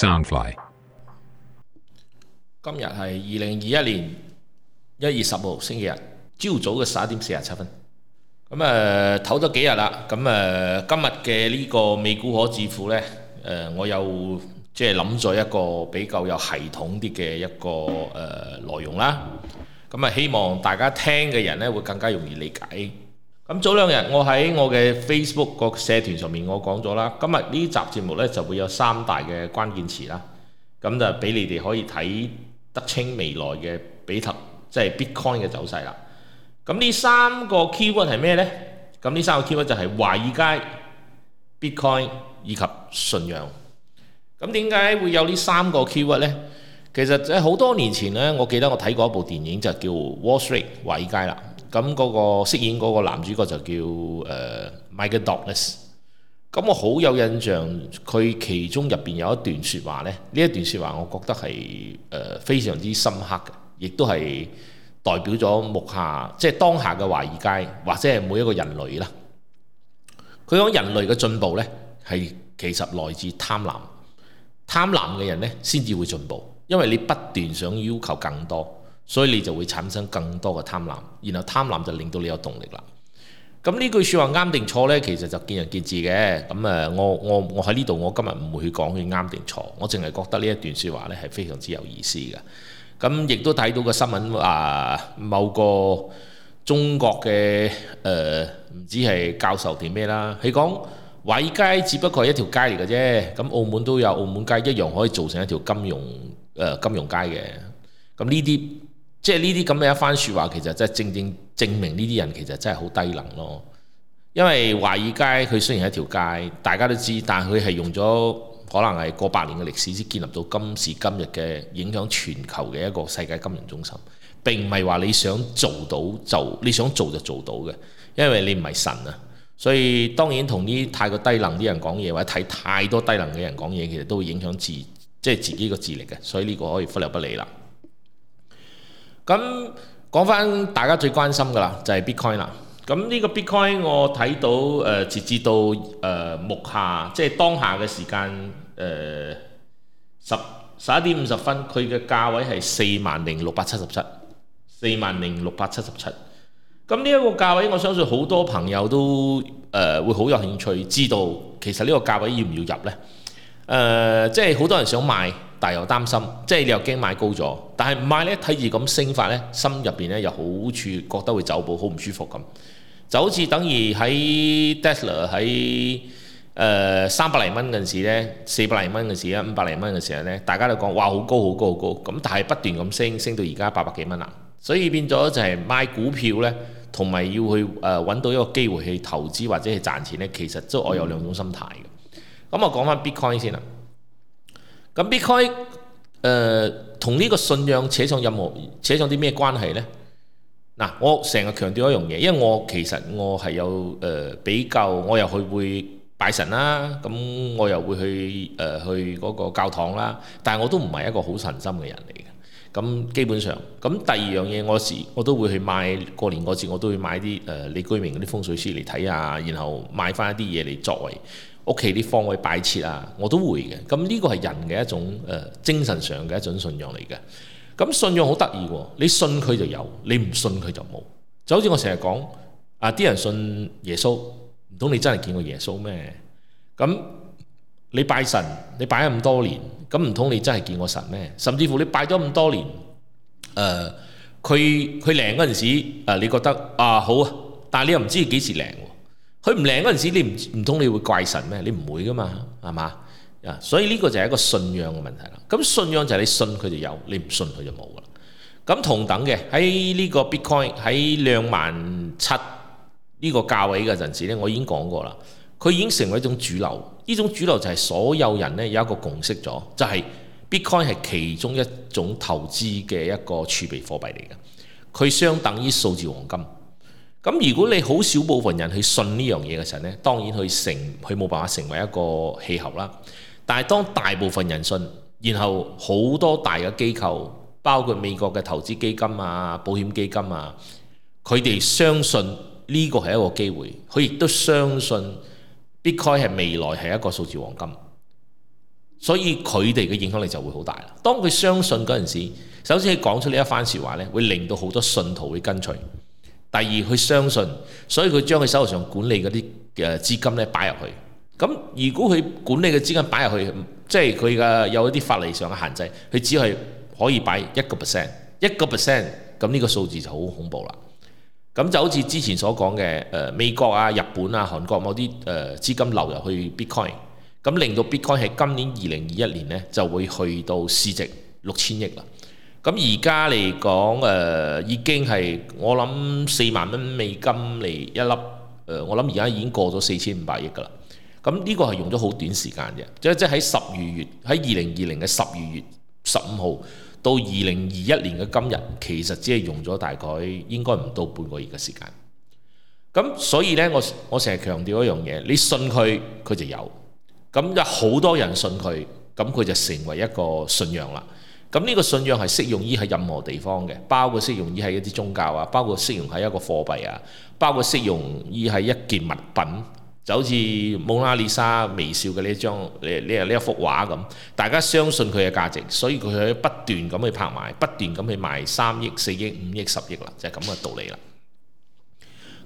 Soundfly. 今日係二零二一年一月十號星期日，朝早嘅十一點四十七分。咁誒唞咗幾日啦。咁誒今日嘅呢個美股可致富呢，我又即係諗咗一個比較有系統啲嘅一個誒內容啦。咁啊，希望大家聽嘅人呢會更加容易理解。咁早兩日我喺我嘅 Facebook 個社團上面我講咗啦，今日呢集節目呢，就會有三大嘅關鍵詞啦，咁就俾你哋可以睇得清未來嘅比特，即係 Bitcoin 嘅走勢啦。咁呢三個 keyword 係咩呢？咁呢三個 keyword 就係華爾街 Bitcoin 以及信仰。咁點解會有呢三個 keyword 呢？其實喺好多年前呢，我記得我睇過一部電影就叫《Wall Street》，華爾街啦。咁、那、嗰個飾演嗰個男主角就叫誒 Michael Douglas。咁、uh, 我好有印象，佢其中入面有一段說話呢。呢一段說話，我覺得係誒、uh, 非常之深刻嘅，亦都係代表咗目下即係、就是、當下嘅華爾街或者係每一個人類啦。佢講人類嘅進步呢，係其實來自貪婪，貪婪嘅人呢，先至會進步，因為你不斷想要求更多。所以你就會產生更多嘅貪婪，然後貪婪就令到你有動力啦。咁呢句説話啱定錯呢？其實就見仁見智嘅。咁誒，我我我喺呢度，我今日唔會去講佢啱定錯，我淨係覺得呢一段説話呢係非常之有意思嘅。咁亦都睇到個新聞話、呃，某個中國嘅誒唔知係教授定咩啦，佢講華爾街只不過係一條街嚟嘅啫，咁澳門都有澳門街，一樣可以做成一條金融誒、呃、金融街嘅。咁呢啲。即係呢啲咁嘅一番説話，其實真係正正證明呢啲人其實真係好低能咯。因為華爾街佢雖然係條街，大家都知，但佢係用咗可能係過百年嘅歷史先建立到今時今日嘅影響全球嘅一個世界金融中心。並唔係話你想做到就你想做就做到嘅，因為你唔係神啊。所以當然同啲太過低能啲人講嘢，或者睇太多低能嘅人講嘢，其實都會影響自即係自己個智力嘅。所以呢個可以忽略不理啦。咁講返大家最關心嘅啦，就係、是、Bitcoin 啦。咁呢個 Bitcoin 我睇到誒，截、呃、至到誒、呃、目下，即、就、係、是、當下嘅時間誒十十一點五十分，佢嘅價位係四萬零六百七十七，四萬零六百七十七。咁呢一個價位，我相信好多朋友都誒、呃、會好有興趣，知道其實呢個價位要唔要入呢？誒、呃，即係好多人想買。但又擔心，即係你又驚買高咗，但係唔買呢，睇住咁升法呢，心入邊呢又好處覺得會走步，好唔舒服咁，就好似等於喺 Tesla 喺誒三百零蚊嗰陣時呢，四百零蚊嗰陣時啊，五百零蚊嘅時候呢，大家都講哇好高好高好高，咁但係不斷咁升，升到而家八百幾蚊喇，所以變咗就係買股票呢，同埋要去誒揾、呃、到一個機會去投資或者去賺錢呢，其實都我有兩種心態嘅。咁我講翻 Bitcoin 先啦。咁 b e c 同呢個信仰扯上任何，扯上啲咩關係呢？嗱、啊，我成日強調一樣嘢，因為我其實我係有誒、呃、比較，我又去會拜神啦，咁我又會去誒、呃、去嗰個教堂啦，但係我都唔係一個好神心嘅人嚟嘅。咁基本上，咁第二樣嘢，我時我都會去買過年嗰時，我都會買啲誒、呃，李居明嗰啲風水書嚟睇下，然後買翻一啲嘢嚟作為，屋企啲方位擺設啊，我都會嘅。咁呢個係人嘅一種誒、呃、精神上嘅一種信仰嚟嘅。咁、嗯、信仰好得意喎，你信佢就有，你唔信佢就冇。就好似我成日講啊，啲人信耶穌，唔通你真係見過耶穌咩？咁、嗯、你拜神，你拜咗咁多年，咁唔通你真係見過神咩？甚至乎你拜咗咁多年，誒佢佢靈嗰陣時，誒、呃，你覺得啊好啊，但係你又唔知幾時靈。佢唔靚嗰陣時，你唔唔通你會怪神咩？你唔會噶嘛，係嘛？啊，所以呢個就係一個信仰嘅問題啦。咁信仰就係你信佢就有，你唔信佢就冇噶啦。咁同等嘅喺呢個 Bitcoin 喺兩萬七呢個價位嘅陣時呢，我已經講過啦。佢已經成為一種主流，呢種主流就係所有人呢有一個共識咗，就係 Bitcoin 係其中一種投資嘅一個儲備貨幣嚟嘅，佢相等於數字黃金。咁如果你好少部分人去信呢樣嘢嘅時候呢，當然佢成佢冇辦法成為一個氣候啦。但係當大部分人信，然後好多大嘅機構，包括美國嘅投資基金啊、保險基金啊，佢哋相信呢個係一個機會，佢亦都相信 Bitcoin 係未來係一個數字黃金。所以佢哋嘅影響力就會好大啦。當佢相信嗰陣時，首先佢講出呢一番説話呢，會令到好多信徒會跟隨。第二佢相信，所以佢將佢手頭上管理嗰啲嘅資金咧擺入去。咁如果佢管理嘅資金擺入去，即係佢嘅有一啲法例上嘅限制，佢只係可以擺一個 percent，一個 percent，咁呢個數字就好恐怖啦。咁就好似之前所講嘅誒美國啊、日本啊、韓國某啲誒資金流入去 Bitcoin，咁令到 Bitcoin 喺今年二零二一年呢就會去到市值六千億啦。咁而家嚟講，誒、呃、已經係我諗四萬蚊美金嚟一粒，誒、呃、我諗而家已經過咗四千五百億㗎啦。咁呢個係用咗好短時間嘅，即係喺十二月，喺二零二零嘅十二月十五號到二零二一年嘅今日，其實只係用咗大概應該唔到半個月嘅時間。咁所以呢，我我成日強調一樣嘢，你信佢，佢就有。咁有好多人信佢，咁佢就成為一個信仰啦。咁呢個信仰係適用於喺任何地方嘅，包括適用於喺一啲宗教啊，包括適用喺一個貨幣啊，包括適用於喺一件物品，就好似蒙娜麗莎微笑嘅呢張呢呢呢一幅畫咁，大家相信佢嘅價值，所以佢喺不斷咁去拍賣，不斷咁去賣三億、四億、五億、十億啦，就係咁嘅道理啦。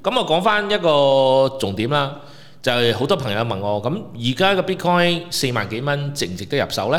咁啊，講翻一個重點啦，就係好多朋友問我，咁而家個 Bitcoin 四萬幾蚊值唔值得入手呢？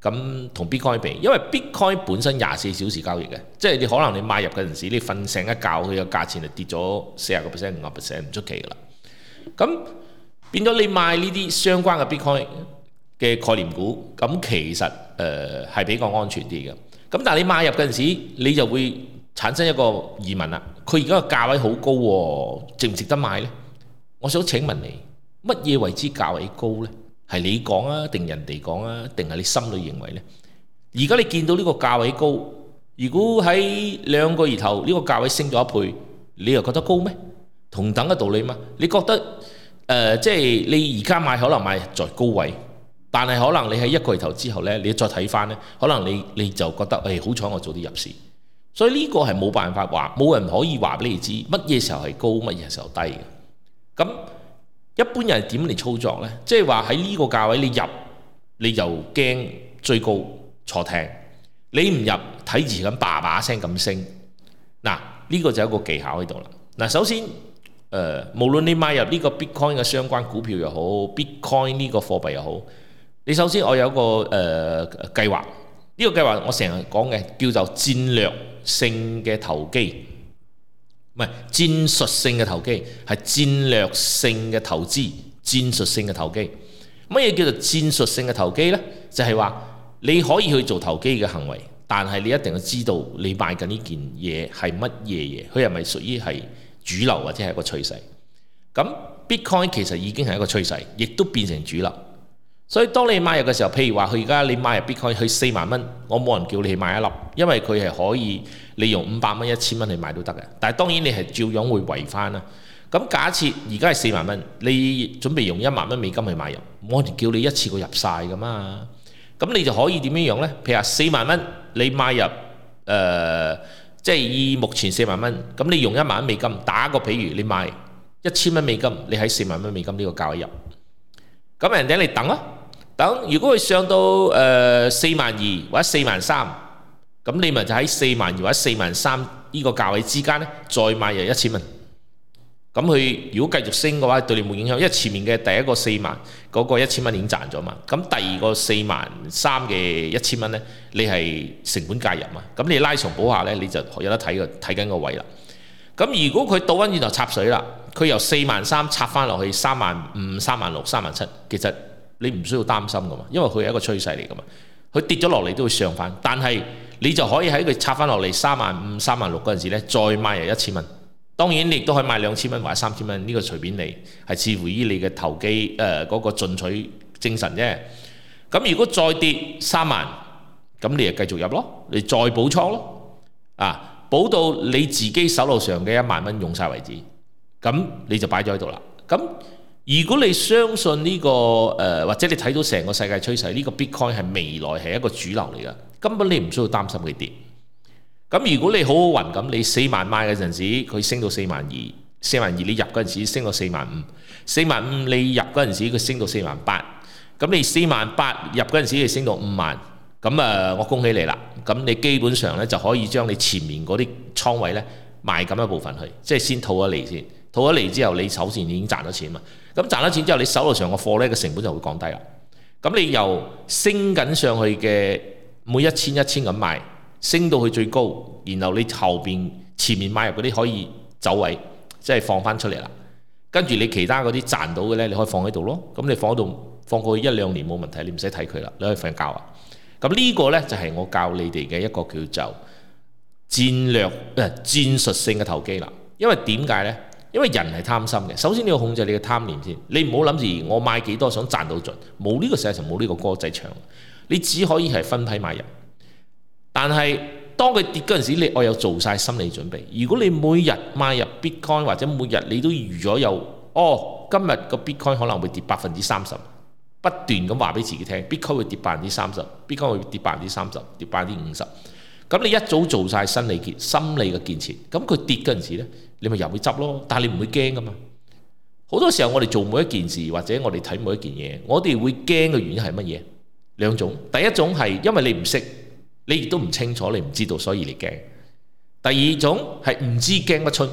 咁同 Bitcoin 比，因為 Bitcoin 本身廿四小時交易嘅，即係你可能你買入嗰陣時，你瞓醒一覺，佢個價錢就跌咗四十個 percent、五十個 percent，唔出奇噶啦。咁變咗你買呢啲相關嘅 Bitcoin 嘅概念股，咁其實誒係比較安全啲嘅。咁但係你買入嗰陣時，你就會產生一個疑問啦，佢而家個價位好高喎，值唔值得買呢？我想請問你，乜嘢為之價位高呢？係你講啊，定人哋講啊，定係你心裏認為呢？而家你見到呢個價位高，如果喺兩個月頭呢個價位升咗一倍，你又覺得高咩？同等嘅道理嘛。你覺得誒，即係你而家買可能買在高位，但係可能你喺一個月頭之後呢，你再睇返呢，可能你你就覺得誒好彩我早啲入市。所以呢個係冇辦法話，冇人可以話俾你知乜嘢時候係高，乜嘢時候低嘅。咁。一般人點嚟操作呢？即係話喺呢個價位你入你就驚最高坐艇，你唔入睇住咁叭叭聲咁升。嗱、這、呢個就有一個技巧喺度啦。嗱，首先誒、呃，無論你買入呢個 Bitcoin 嘅相關股票又好，Bitcoin 呢個貨幣又好，你首先我有個誒、呃、計劃，呢、這個計劃我成日講嘅叫做戰略性嘅投機。唔係戰術性嘅投機，係戰略性嘅投資。戰術性嘅投機，乜嘢叫做戰術性嘅投機呢？就係話你可以去做投機嘅行為，但係你一定要知道你賣緊呢件嘢係乜嘢嘢，佢係咪屬於係主流或者係個趨勢？咁 Bitcoin 其實已經係一個趨勢，亦都變成主流。所以當你買入嘅時候，譬如話佢而家你買入 Bitcoin 去四萬蚊，我冇人叫你去買一粒，因為佢係可以。你用五百蚊、一千蚊去買都得嘅，但係當然你係照樣會維翻啦。咁假設而家係四萬蚊，你準備用一萬蚊美金去買入，我唔叫你一次過入晒㗎嘛。咁你就可以點樣用呢？譬如話四萬蚊，你買入誒，即、呃、係、就是、以目前四萬蚊，咁你用一萬蚊美金打個比如，你買一千蚊美金，你喺四萬蚊美金呢個價位入，咁人哋你等啊，等如果佢上到誒四萬二或者四萬三，咁你咪就喺四萬二或者四萬三呢個價位之間呢，再買又一千蚊。咁佢如果繼續升嘅話，對你冇影響，因為前面嘅第一個四萬嗰個一千蚊已經賺咗嘛。咁第二個四萬三嘅一千蚊呢，你係成本介入嘛。咁你拉鬆補下呢，你就有得睇個睇緊個位啦。咁如果佢倒翻轉就插水啦，佢由四萬三插翻落去三萬五、三萬六、三萬七，其實你唔需要擔心噶嘛，因為佢係一個趨勢嚟噶嘛。佢跌咗落嚟都會上翻，但係，你就可以喺佢拆翻落嚟三萬五、三萬六嗰陣時呢，再買入一千蚊。當然你亦都可以買兩千蚊或者三千蚊，呢個隨便你，係視乎於你嘅投機誒嗰個進取精神啫。咁如果再跌三萬，咁你就繼續入咯，你再補倉咯。啊，補到你自己手頭上嘅一萬蚊用晒為止，咁你就擺咗喺度啦。咁如果你相信呢個誒，或者你睇到成個世界趨勢，呢個 Bitcoin 係未來係一個主流嚟嘅。根本你唔需要擔心佢跌。咁如果你好好運咁，你四萬賣嗰陣時，佢升到四萬二，四萬二你入嗰陣時升到四萬五，四萬五你入嗰陣時佢升到四萬八，咁你四萬八入嗰陣時佢升到五萬，咁啊我恭喜你啦。咁你基本上呢，就可以將你前面嗰啲倉位呢賣咁一部分去，即係先套咗嚟先，套咗嚟之後，你首先你已經賺咗錢嘛。咁賺咗錢之後，你手頭上個貨呢個成本就會降低啦。咁你由升緊上去嘅。每一千一千咁賣，升到去最高，然後你後邊前面買入嗰啲可以走位，即係放翻出嚟啦。跟住你其他嗰啲賺到嘅呢，你可以放喺度咯。咁你放喺度放過去一兩年冇問題，你唔使睇佢啦，你可以瞓覺啊。咁呢個呢，就係我教你哋嘅一個叫做戰略誒戰術性嘅投機啦。因為點解呢？因為人係貪心嘅，首先你要控制你嘅貪念先。你唔好諗住我買幾多想賺到盡，冇呢個世界上冇呢個歌仔唱。你只可以係分批買入，但係當佢跌嗰陣時，你我有做晒心理準備。如果你每日買入 Bitcoin 或者每日你都預咗有哦，今日個 Bitcoin 可能會跌百分之三十，不斷咁話俾自己聽，Bitcoin 會跌百分之三十，Bitcoin 會跌百分之三十，跌百分之五十。咁你一早做晒心理建心理嘅建設，咁佢跌嗰陣時呢，你咪又會執咯。但係你唔會驚噶嘛。好多時候我哋做每一件事或者我哋睇每一件嘢，我哋會驚嘅原因係乜嘢？兩種，第一種係因為你唔識，你亦都唔清楚，你唔知道，所以你驚。第二種係唔知驚乜春。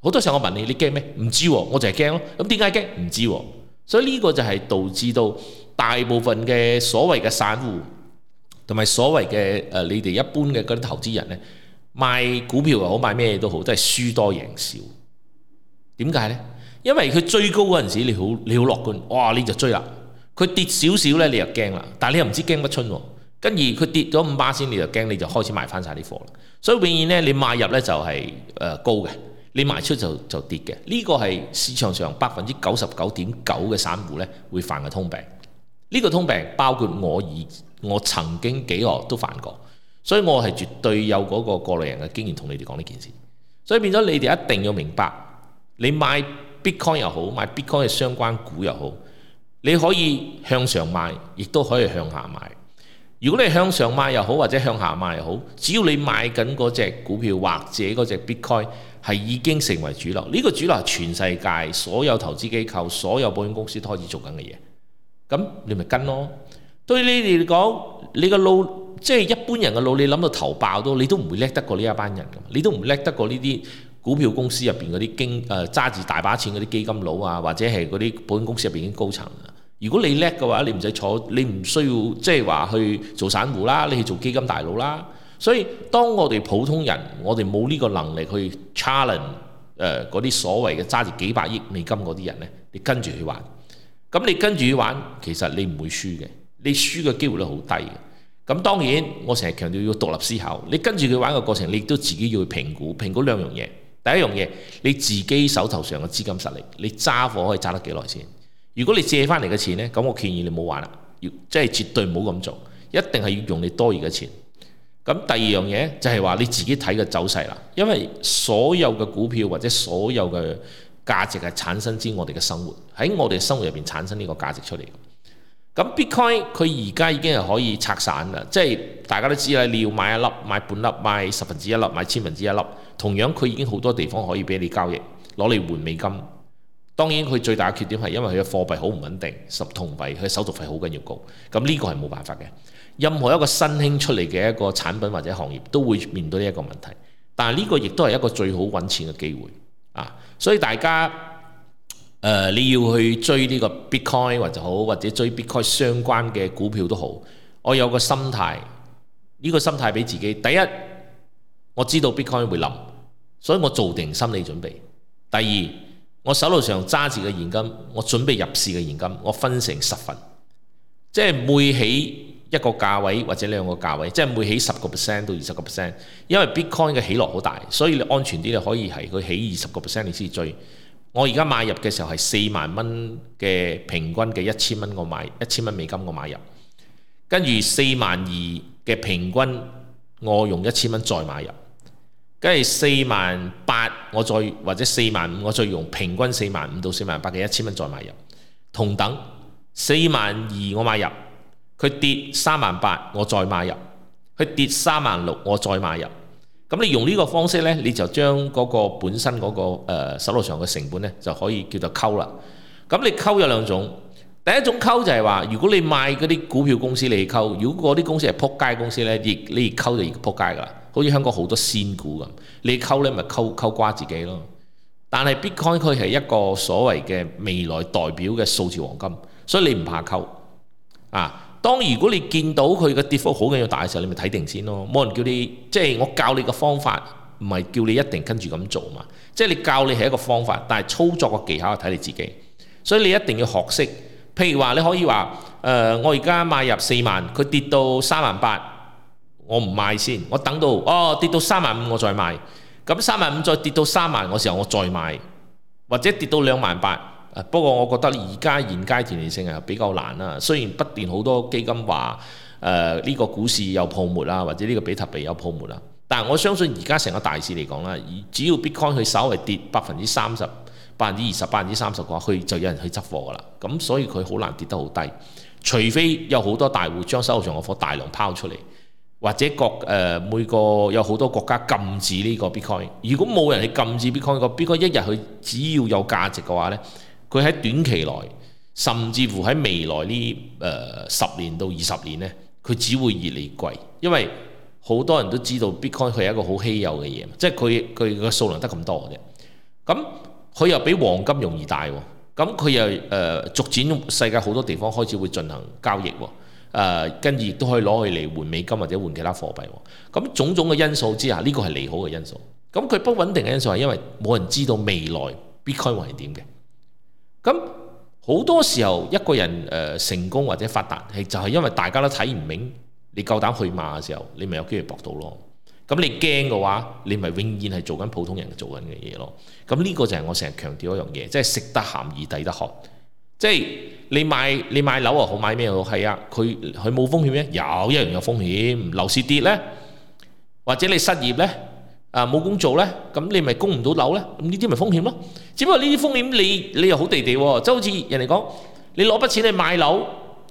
好多時候我問你，你驚咩？唔知喎，我就係驚咯。咁點解驚？唔知喎。所以呢個就係導致到大部分嘅所謂嘅散戶，同埋所謂嘅誒你哋一般嘅嗰啲投資人呢，賣股票又好，賣咩都好，都係輸多贏少。點解呢？因為佢追高嗰陣時候，你好你好樂觀，哇！你就追啦。佢跌少少呢，你又驚啦，但係你又唔知驚乜春喎。跟住佢跌咗五巴仙，你就驚，你就開始賣翻晒啲貨啦。所以永遠呢，你買入呢就係高嘅，你賣出就就跌嘅。呢個係市場上百分之九十九點九嘅散戶呢會犯嘅通病。呢個通病包括我以我曾經幾何都犯過，所以我係絕對有嗰個過來人嘅經驗同你哋講呢件事。所以變咗你哋一定要明白，你買 bitcoin 又好，買 bitcoin 嘅相關股又好。你可以向上賣，亦都可以向下賣。如果你向上賣又好，或者向下賣又好，只要你買緊嗰隻股票或者嗰隻 Bitcoin 係已經成為主流，呢、呢個主流係全世界所有投資機構、所有保險公司都開始做緊嘅嘢。咁你咪跟咯。對你哋嚟講，你個腦即係一般人嘅腦，你諗到頭爆都，你都唔會叻得過呢一班人㗎。你都唔叻得過呢啲股票公司入邊嗰啲經誒揸住大把錢嗰啲基金佬啊，或者係嗰啲保險公司入邊啲高層。如果你叻嘅話，你唔使坐，你唔需要即係話去做散戶啦，你去做基金大佬啦。所以當我哋普通人，我哋冇呢個能力去 challenge 誒嗰啲所謂嘅揸住幾百億美金嗰啲人呢，你跟住去玩。咁你跟住去玩，其實你唔會輸嘅，你輸嘅機會率好低嘅。咁當然我成日強調要獨立思考，你跟住佢玩嘅過程，你亦都自己要去評估評估兩樣嘢。第一樣嘢，你自己手頭上嘅資金實力，你揸貨可以揸得幾耐先？如果你借翻嚟嘅錢呢，咁我建議你唔好玩啦，要即係絕對唔好咁做，一定係要用你多餘嘅錢。咁第二樣嘢就係話你自己睇嘅走勢啦，因為所有嘅股票或者所有嘅價值係產生之我哋嘅生活喺我哋生活入邊產生呢個價值出嚟。咁 Bitcoin 佢而家已經係可以拆散啦，即係大家都知啦，你要買一粒、買半粒、買十分之一粒、買千分之一粒，同樣佢已經好多地方可以俾你交易，攞嚟換美金。當然佢最大嘅缺點係因為佢嘅貨幣好唔穩定，十同幣佢手續費好緊要高，咁呢個係冇辦法嘅。任何一個新興出嚟嘅一個產品或者行業都會面對呢一個問題，但係呢個亦都係一個最好揾錢嘅機會啊！所以大家、呃、你要去追呢個 Bitcoin 或者好，或者追 Bitcoin 相關嘅股票都好，我有一個心態，呢、呢個心態俾自己第一，我知道 Bitcoin 會冧，所以我做定心理準備。第二。我手路上揸住嘅現金，我準備入市嘅現金，我分成十份，即係每起一個價位或者兩個價位，即係每起十個 percent 到二十個 percent，因為 Bitcoin 嘅起落好大，所以你安全啲，你可以係佢起二十個 percent 你先至追。我而家買入嘅時候係四萬蚊嘅平均嘅一千蚊，我買一千蚊美金我買入，跟住四萬二嘅平均我用一千蚊再買入。即係四萬八，我再或者四萬五，我再用平均四萬五到四萬八嘅一千蚊再買入，同等四萬二我買入，佢跌三萬八我再買入，佢跌三萬六我再買入，咁你用呢個方式呢，你就將嗰個本身嗰、嗰個誒、呃、手路上嘅成本呢就可以叫做溝啦。咁你溝有兩種，第一種溝就係話，如果你賣嗰啲股票公司你去溝，如果嗰啲公司係撲街公司呢，越你越溝就越撲街噶啦。好似香港好多仙股咁，你溝咧咪溝溝瓜自己咯。但係 Bitcoin 佢係一個所謂嘅未來代表嘅數字黃金，所以你唔怕溝啊。當如果你見到佢嘅跌幅好緊要大嘅時候，你咪睇定先咯。冇人叫你，即係我教你嘅方法，唔係叫你一定跟住咁做嘛。即係你教你係一個方法，但係操作嘅技巧係睇你自己，所以你一定要學識。譬如話，你可以話，誒，我而家買入四萬，佢跌到三萬八。我唔賣先，我等到哦跌到三萬五，我再賣，咁三萬五再跌到三萬嗰時候我再賣，或者跌到兩萬八。不過我覺得而家現階段嚟講係比較難啦。雖然不斷好多基金話誒呢個股市有泡沫啦，或者呢個比特幣有泡沫啦，但係我相信而家成個大市嚟講啦，只要 Bitcoin 佢稍微跌百分之三十、百分之二十、百分之三十嘅話，佢就有人去執貨㗎啦。咁所以佢好難跌得好低，除非有好多大戶將手上嘅貨大量拋出嚟。或者國、呃、每個有好多國家禁止呢個 Bitcoin。如果冇人去禁止 Bitcoin，個 Bitcoin 一日佢只要有價值嘅話呢，佢喺短期內，甚至乎喺未來呢、呃、十年到二十年呢，佢只會越嚟越貴。因為好多人都知道 Bitcoin 佢係一個好稀有嘅嘢，即係佢、佢個數量得咁多嘅啫。咁佢又比黃金容易帶，咁佢又誒，逐漸世界好多地方開始會進行交易喎。誒，跟住亦都可以攞去嚟換美金或者換其他貨幣。咁種種嘅因素之下，呢、這個係利好嘅因素。咁佢不穩定嘅因素係因為冇人知道未來 Bitcoin 係點嘅。咁好多時候一個人誒、呃、成功或者發達係就係、是、因為大家都睇唔明，你夠膽去馬嘅時候，你咪有機會博到咯。咁你驚嘅話，你咪永遠係做緊普通人做緊嘅嘢咯。咁呢個就係我成日強調一樣嘢，即係食得鹹魚抵得渴。即係你買你買樓又好買咩喎？係啊，佢佢冇風險咩？有一樣有風險，樓市跌咧，或者你失業咧，啊冇工做咧，咁你咪供唔到樓咧，咁呢啲咪風險咯。只不過呢啲風險你你又好地地喎，即係好似人哋講，你攞筆錢嚟買樓。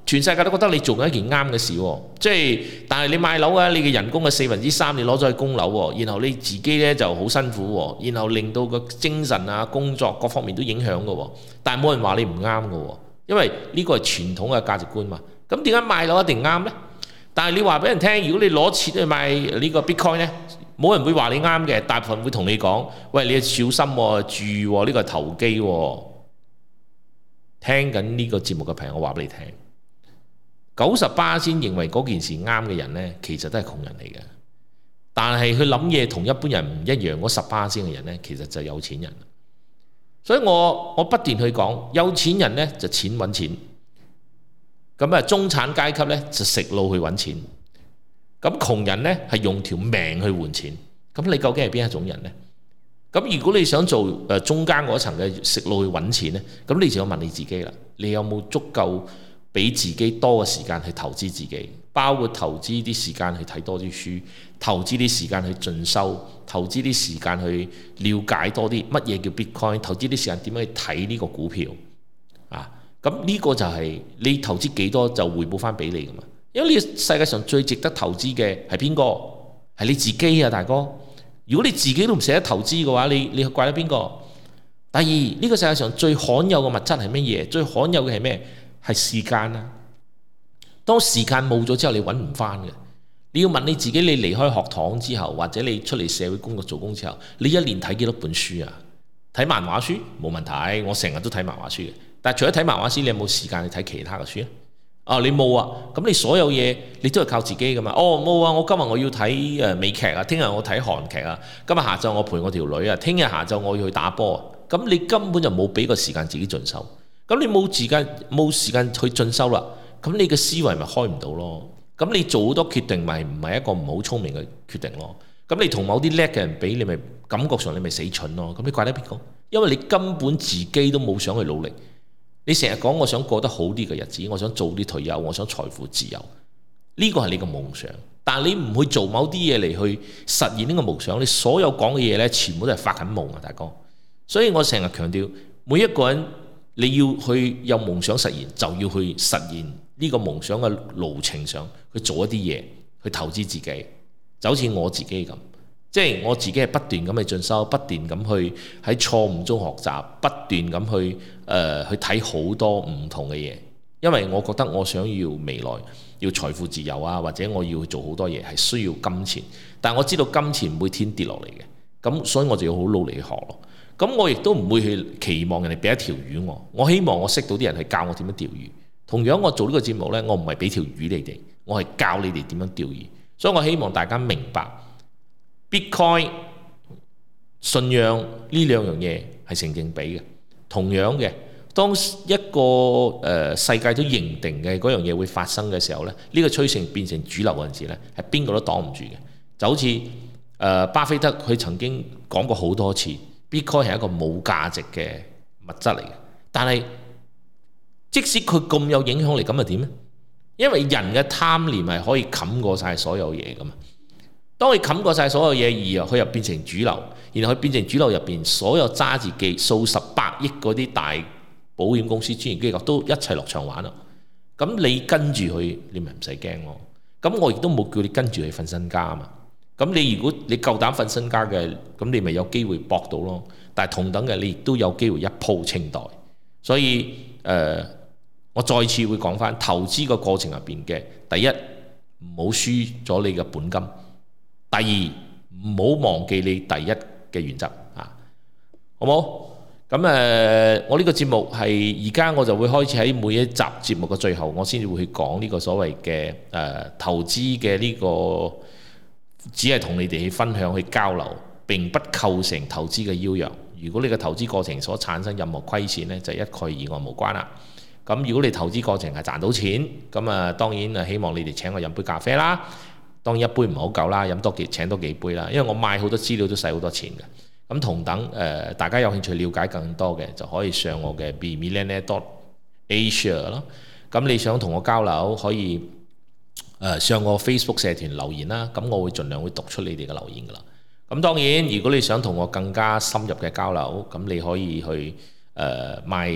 全世界都覺得你做緊一件啱嘅事喎，即係，但係你買樓啊，你嘅人工嘅四分之三你攞咗去供樓喎，然後你自己呢就好辛苦喎，然後令到個精神啊、工作各方面都影響嘅，但係冇人話你唔啱嘅，因為呢個係傳統嘅價值觀嘛。咁點解買樓一定啱呢？但係你話俾人聽，如果你攞錢去買呢個 Bitcoin 呢，冇人會話你啱嘅，大部分會同你講：喂，你要小心喎，注意喎，呢個係投機喎。聽緊呢個節目嘅朋友，我話俾你聽。九十八先認為嗰件事啱嘅人呢，其實都係窮人嚟嘅。但係佢諗嘢同一般人唔一樣。嗰十八先嘅人呢，其實就係有錢人。所以我我不斷去講，有錢人呢就錢揾錢，咁啊中產階級呢就食路去揾錢，咁窮人呢係用條命去換錢。咁你究竟係邊一種人呢？咁如果你想做誒中間嗰層嘅食路去揾錢呢，咁你就問你自己啦，你有冇足夠？俾自己多嘅時間去投資自己，包括投資啲時間去睇多啲書，投資啲時間去進修，投資啲時間去了解多啲乜嘢叫 Bitcoin，投資啲時間點樣去睇呢個股票啊？咁呢個就係你投資幾多就回報翻俾你噶嘛？因為呢個世界上最值得投資嘅係邊個係你自己啊，大哥。如果你自己都唔捨得投資嘅話，你你怪得邊個？第二，呢個世界上最罕有嘅物質係乜嘢？最罕有嘅係咩？係時間啦、啊，當時間冇咗之後，你揾唔翻嘅。你要問你自己，你離開學堂之後，或者你出嚟社會工作做工之後，你一年睇幾多本書啊？睇漫畫書冇問題，我成日都睇漫畫書嘅。但係除咗睇漫畫書，你有冇時間去睇其他嘅書啊？你冇啊？咁你所有嘢你都係靠自己噶嘛？哦，冇啊！我今日我要睇誒美劇啊，聽日我睇韓劇啊，今日下晝我陪我條女啊，聽日下晝我要去打波啊。咁你根本就冇俾個時間自己進修。咁你冇時間冇時間去進修啦，咁你嘅思維咪開唔到咯。咁你做好多決定咪唔係一個唔好聰明嘅決定咯。咁你同某啲叻嘅人比，你咪感覺上你咪死蠢咯。咁你怪得邊個？因為你根本自己都冇想去努力。你成日講我想過得好啲嘅日子，我想早啲退休，我想財富自由。呢個係你嘅夢想，但你唔去做某啲嘢嚟去實現呢個夢想，你所有講嘅嘢呢，全部都係發緊夢啊，大哥。所以我成日強調，每一個人。你要去有夢想實現，就要去實現呢個夢想嘅路程上，去做一啲嘢，去投資自己。就好似我自己咁，即係我自己係不斷咁去進修，不斷咁去喺錯誤中學習，不斷咁去誒、呃、去睇好多唔同嘅嘢。因為我覺得我想要未來要財富自由啊，或者我要做好多嘢係需要金錢，但我知道金錢唔會從天跌落嚟嘅，咁所以我就要好努力去學咯。咁我亦都唔會去期望人哋俾一條魚我，我希望我識到啲人係教我點樣釣魚。同樣我做呢個節目呢，我唔係俾條魚你哋，我係教你哋點樣釣魚。所以我希望大家明白，Bitcoin 信仰呢兩樣嘢係成正比嘅。同樣嘅，當一個誒、呃、世界都認定嘅嗰樣嘢會發生嘅時候咧，呢、這個趨勢變成主流嗰陣時咧，係邊個都擋唔住嘅。就好似、呃、巴菲特佢曾經講過好多次。b i 係一個冇價值嘅物質嚟嘅，但係即使佢咁有影響力，咁又點呢？因為人嘅貪念係可以冚過晒所有嘢噶嘛。當佢冚過晒所有嘢，而又佢又變成主流，然後佢變成主流入邊所有揸住幾數十百億嗰啲大保險公司、專業機構都一齊落場玩啦。咁你跟住佢，你咪唔使驚咯。咁我亦都冇叫你跟住去瞓身家啊嘛。咁你如果你夠膽瞓身家嘅，咁你咪有機會搏到咯。但係同等嘅，你亦都有機會一鋪清袋。所以誒、呃，我再次會講翻投資個過程入邊嘅，第一唔好輸咗你嘅本金，第二唔好忘記你的第一嘅原則啊，好冇？咁誒、呃，我呢個節目係而家我就會開始喺每一集節目嘅最後，我先至會去講呢個所謂嘅誒、呃、投資嘅呢、這個。只係同你哋去分享、去交流，並不構成投資嘅邀約。如果你嘅投資過程所產生任何虧損呢就一概與我無關啦。咁如果你投資過程係賺到錢，咁啊當然啊希望你哋請我飲杯咖啡啦。當然一杯唔好夠啦，飲多幾請多幾杯啦。因為我買好多資料都使好多錢嘅。咁同等誒、呃，大家有興趣了解更多嘅，就可以上我嘅 bemillanet.asia 咯。咁你想同我交流，可以。誒上個 Facebook 社團留言啦，咁我會盡量會讀出你哋嘅留言噶啦。咁當然，如果你想同我更加深入嘅交流，咁你可以去誒、呃、買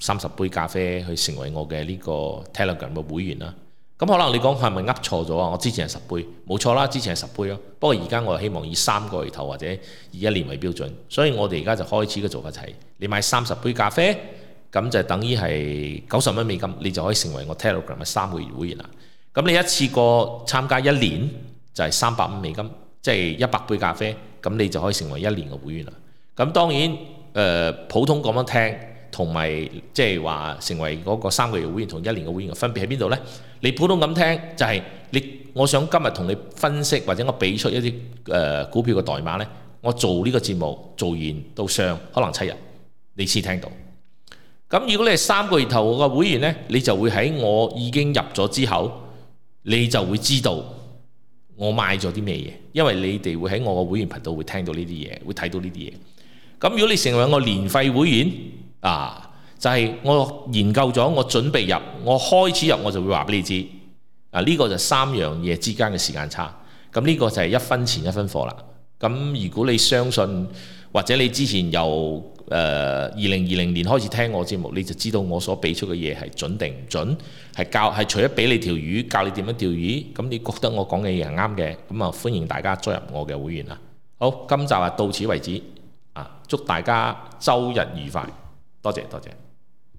三十杯咖啡去成為我嘅呢個 Telegram 嘅會員啦。咁可能你講係咪噏錯咗啊？我之前係十杯，冇錯啦，之前係十杯咯。不過而家我希望以三個月頭或者以一年為標準，所以我哋而家就開始嘅做法就係、是、你買三十杯咖啡，咁就等於係九十蚊美金，你就可以成為我嘅 Telegram 嘅三個月會員啦。咁你一次過參加一年就係三百五美金，即係一百杯咖啡，咁你就可以成為一年嘅會員啦。咁當然誒、呃，普通咁聽同埋即係話成為嗰個三個月會員同一年嘅會員嘅分別喺邊度呢？你普通咁聽就係、是、你，我想今日同你分析或者我俾出一啲、呃、股票嘅代碼呢。我做呢個節目做完到上可能七日你先聽到。咁如果你係三個月頭個會員呢，你就會喺我已經入咗之後。你就會知道我買咗啲咩嘢，因為你哋會喺我個會員頻道會聽到呢啲嘢，會睇到呢啲嘢。咁如果你成為我年費會員啊，就係我研究咗，我準備入，我開始入我就會話俾你知。啊，呢個就三樣嘢之間嘅時間差。咁呢個就係一分錢一分貨啦。咁如果你相信，或者你之前又……誒，二零二零年開始聽我節目，你就知道我所俾出嘅嘢係準定唔準？係教係除咗俾你條魚，教你點樣釣魚，咁你覺得我講嘅嘢係啱嘅，咁啊歡迎大家加入我嘅會員啦。好，今集啊到此為止，啊祝大家周日愉快，多謝多謝。